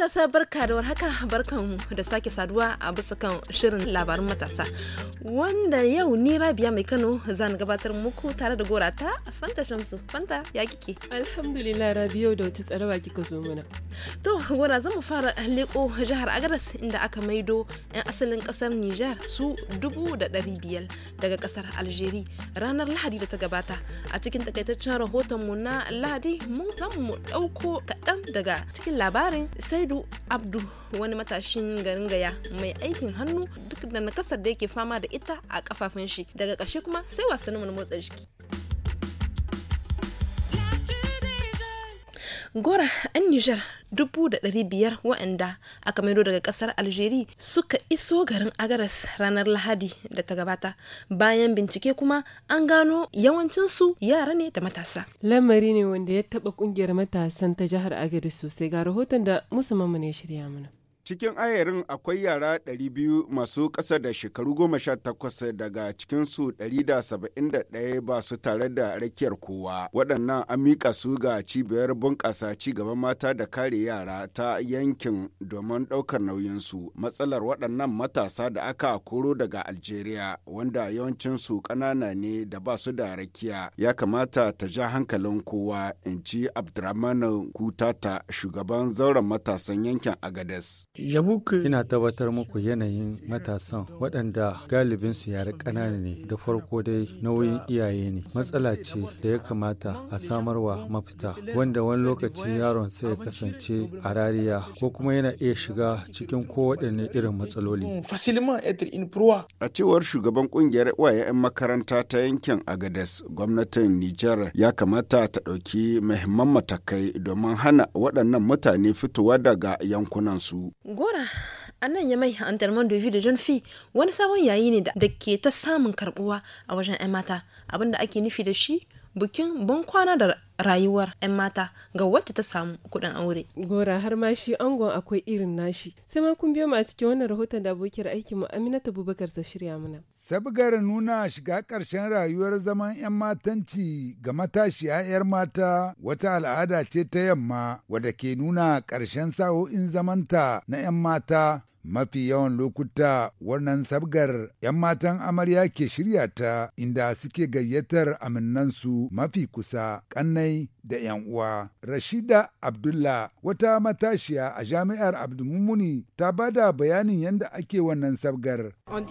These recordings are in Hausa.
matasa barka da warhaka barkan da sake saduwa a bisa kan shirin labarin matasa wanda yau ni Rabia mai Kano zan gabatar muku tare da gora ta Fanta Shamsu Fanta ya kike Alhamdulillah Rabi da wata tsarawa kika zo mana To gora zan mu fara leko jihar Agadas inda aka maido yan asalin kasar Nijar su dubu da dari biyar daga kasar Algeria ranar Lahadi da ta gabata a cikin takaitaccen rahoton mu na Lahadi mun kan mu ɗauko kaɗan daga cikin labarin sai Hamidu Abdu wani matashin garin Gaya mai aikin hannu duk da nakasar da yake fama da ita a kafafun shi daga ƙarshe kuma sai wasannin motsa jiki. gora an nijar biyar waɗanda aka maido daga ƙasar algeria suka iso garin agaras ranar lahadi da ta gabata bayan bincike kuma an gano yawancinsu yara ne da matasa lamari ne wanda ya taɓa ƙungiyar matasan ta jihar agadas sosai ga rahoton da musamman ne shirya mana Cikin ayarin akwai yara 200 masu ƙasa da shekaru 18 daga cikinsu 171 ba su tare da rakiyar kowa. Waɗannan an mika su ga cibiyar bunƙasa ci gaban mata da kare yara ta yankin domin ɗaukar nauyinsu. Matsalar waɗannan matasa da aka koro daga Algeria wanda yawancinsu ƙanana ne da ba su da rakiya ya kamata ta ja hankalin kowa in ci Abdurrahman Kutata shugaban zauren matasan yankin Agades. Ina tabbatar muku yanayin matasan waɗanda galibin su yare ƙanana ne da farko dai nauyin iyaye ne. Matsala ce da ya kamata a samarwa mafita wanda wani lokaci yaron sai ya kasance a rariya ko kuma yana iya shiga cikin kowaɗanne irin matsaloli. A cewar shugaban ƙungiyar uwaye makaranta ta yankin Agades gwamnatin Nijar ya kamata ta ɗauki muhimman matakai domin hana waɗannan mutane fitowa daga yankunansu. Gora, anan ya mai tarman dovi da don fi wani sabon yayi ne da ke ta samun karbuwa a wajen 'yan mata abinda ake nufi da shi bikin ban kwana da rayuwar 'yan mata ga wacce ta samu kuɗin aure. Gora har ma shi angon akwai irin nashi. Sai ma kun biyo mu cikin wannan rahoton da abokiyar aikin mu Aminata Bubakar ta shirya mana. Sabgar nuna shiga karshen rayuwar zaman 'yan matanci ga matashiya 'yar mata wata al'ada ce ta yamma wadda ke nuna ƙarshen sa'o'in zamanta na 'yan mata mafi yawan lokuta wannan sabgar 'yan matan amarya ke shirya ta inda suke gayyatar aminnansu mafi kusa kannai da 'yan uwa. Rashida Abdullah wata matashiya a jami'ar Abdulmumuni ta bada bayanin yadda ake wannan sabgar. An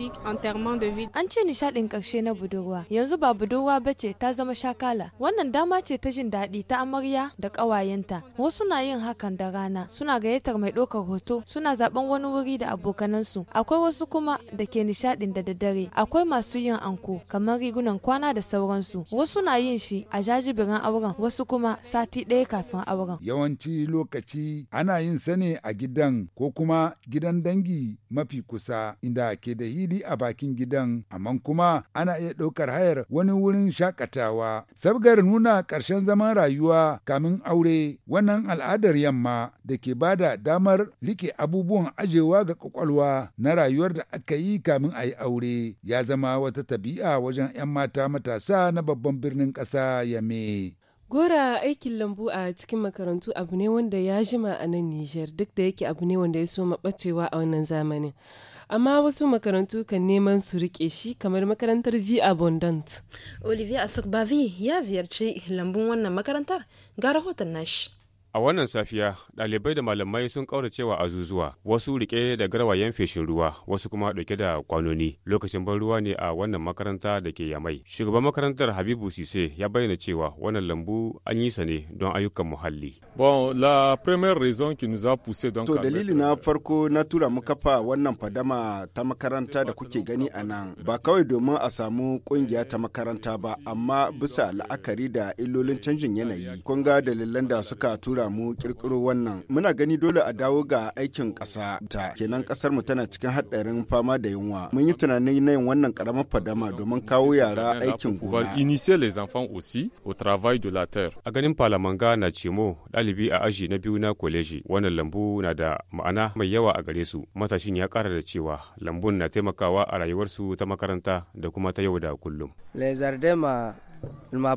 ce nishaɗin ƙarshe na budurwa, yanzu ba budurwa ba ce ta zama shakala. Wannan dama ce ta jin daɗi ta amarya da ƙawayenta. Wasu na yin hakan da rana, suna gayyatar mai ɗaukar hoto, suna zaɓen wani wuri da abokanansu. Akwai wasu kuma da ke nishaɗin da daddare, akwai masu yin anko kamar rigunan kwana da sauransu. Wasu na yin shi a jajibirin auren, wasu kuma kuma sati ɗaya kafin auren. Yawanci lokaci ana yin sane a gidan ko kuma gidan dangi mafi kusa inda ke da hili a bakin gidan amma kuma ana iya ɗaukar hayar wani wurin shakatawa. Sabgar nuna ƙarshen zaman rayuwa kamin aure wannan al'adar yamma da ke ba da damar rike abubuwan ajewa ga ƙwaƙwalwa na rayuwar da aka yi kamin a yi aure ya zama wata tabi'a wajen 'yan mata matasa na babban birnin ƙasa yame. Gora aikin lambu a cikin makarantu abu ne wanda ya jima a nan Nijar duk da yake abu ne wanda ya so maɓacewa a wannan zamanin. Amma wasu makarantu kan neman su riƙe shi kamar makarantar V Abundant. Olivier Asokbavi ya ziyarci lambun wannan makarantar ga rahoton nashi. A wannan safiya, ɗalibai da malamai sun ƙauracewa azuzuwa, wasu rike da garwayen feshin ruwa, wasu kuma ɗauke da kwanoni. Lokacin ban ruwa ne a wannan makaranta da ke Yamai. Shugaban makarantar Habibu Sise ya bayyana cewa wannan lambu an yi sa ne don ayyukan muhalli. Bon, la première raison qui nous a poussé donc To dalili na euh, farko na tura mu kafa wannan fadama ta makaranta da kuke gani a nan, ba kawai domin a samu ƙungiya ta makaranta ba, amma bisa la'akari da illolin canjin yanayi. Kun ga dalilan da suka tura tura mu kirkiro wannan muna gani dole a dawo ga aikin ƙasa ta kenan ƙasar mu tana cikin haɗarin fama da yunwa mun yi tunanin na yin wannan ƙaramar fadama domin kawo yara aikin gona initier les enfants aussi au travail de la terre a ganin palamanga na cimo ɗalibi a aji na biyu na kwaleji wannan lambu na da ma'ana mai yawa a gare su matashin ya ƙara da cewa lambun na taimakawa a rayuwarsu ta makaranta da kuma ta yau da kullum les jardins ma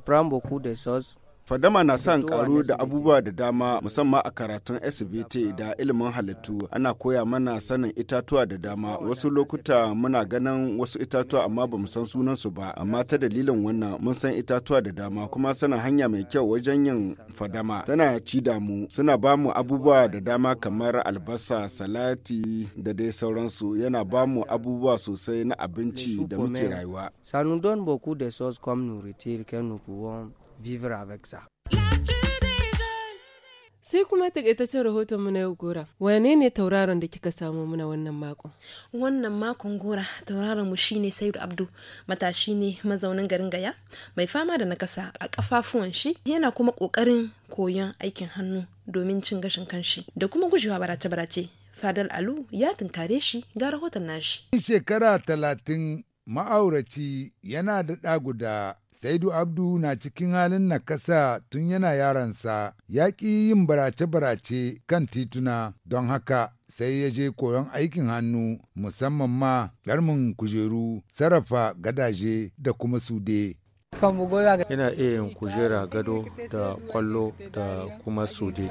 beaucoup de choses fadama na son karu da abubuwa da dama musamman a karatun SBT da ilimin halittu ana koya mana sanin itatuwa da dama wasu lokuta muna ganin wasu itatuwa amma bamu san sunansu ba amma ta dalilin wannan mun san itatuwa da dama kuma sanin hanya mai kyau wajen yin fadama tana ci da mu suna ba mu abubuwa da dama kamar albasa salati da dai sauransu yana ba mu abubuwa sosai na abinci da muke rayuwa. de vivre avec ça. Sai kuma takaitaccen rahotonmu na yau gora. Wane ne tauraron da kika samu muna wannan makon? Wannan makon gora tauraron mu shine Sayyid Abdu, matashi ne mazaunin garin Gaya, mai fama da nakasa a kafafuwan shi, yana kuma kokarin koyon aikin hannu domin cin gashin kanshi da kuma gujewa barace-barace. Fadal Alu ya tunkare shi ga rahoton nashi. Shekara talatin ma'auraci yana da ɗa guda Saidu Abdu na cikin halin nakasa tun yana yaransa, ya ƙi yin barace-barace kan tituna, don haka sai ya je koyon aikin hannu musamman ma ɗarmin kujeru, sarrafa gadaje da kuma sude. Ina iya yin kujera gado da kwallo da kuma sude.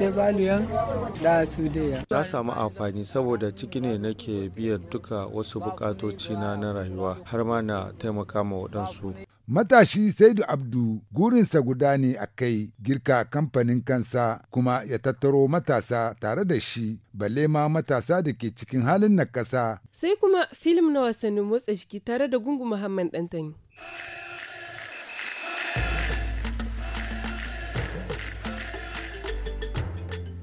Na samu amfani saboda ciki ne nake biyan duka wasu bukatoci na na rayuwa har ma na taimaka ma waɗansu. Matashi Saidu Abdu gurinsa guda ne a kai girka kamfanin kansa kuma ya tattaro matasa tare da shi balle ma matasa da ke cikin halin na kasa. Sai kuma filim na wasannin motsa jiki tare da gungu Muhammad Dantani.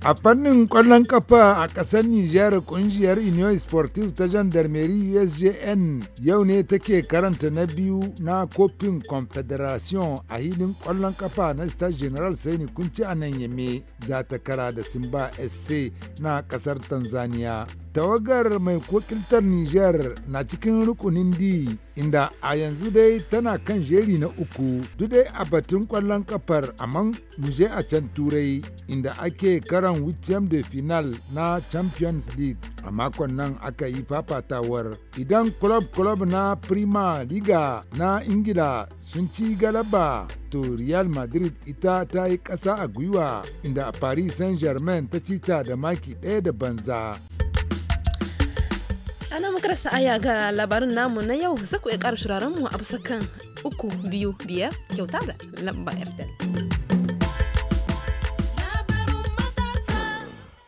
A fannin kwallon kafa a ƙasar Nijar ƙungiyar Union Sportive ta Gendarmerie SJN yau ne take karanta na biyu na kofin Confederation a hidin kwallon kafa na Star General Saini Kunci a nan Yame za ta kara da Simba SC na ƙasar Tanzania. tawagar mai kokiltar Nijar na cikin rukunin D inda a yanzu dai tana kan jeri na uku duk dai a batun kwallon kafar amma muje a can turai inda ake karan wuciyam da final na Champions League a makon nan aka yi fafatawar idan club club na Prima Liga na Ingila sun ci galaba to Real Madrid ita ta yi ƙasa a gwiwa inda a Paris Saint-Germain ta ci ta da maki ɗaya da banza. ana muka rasa aya ga labarin namu na yau za ku iya ƙara shiraren mu a bisa kan uku biyu biyar kyauta da lamba fdl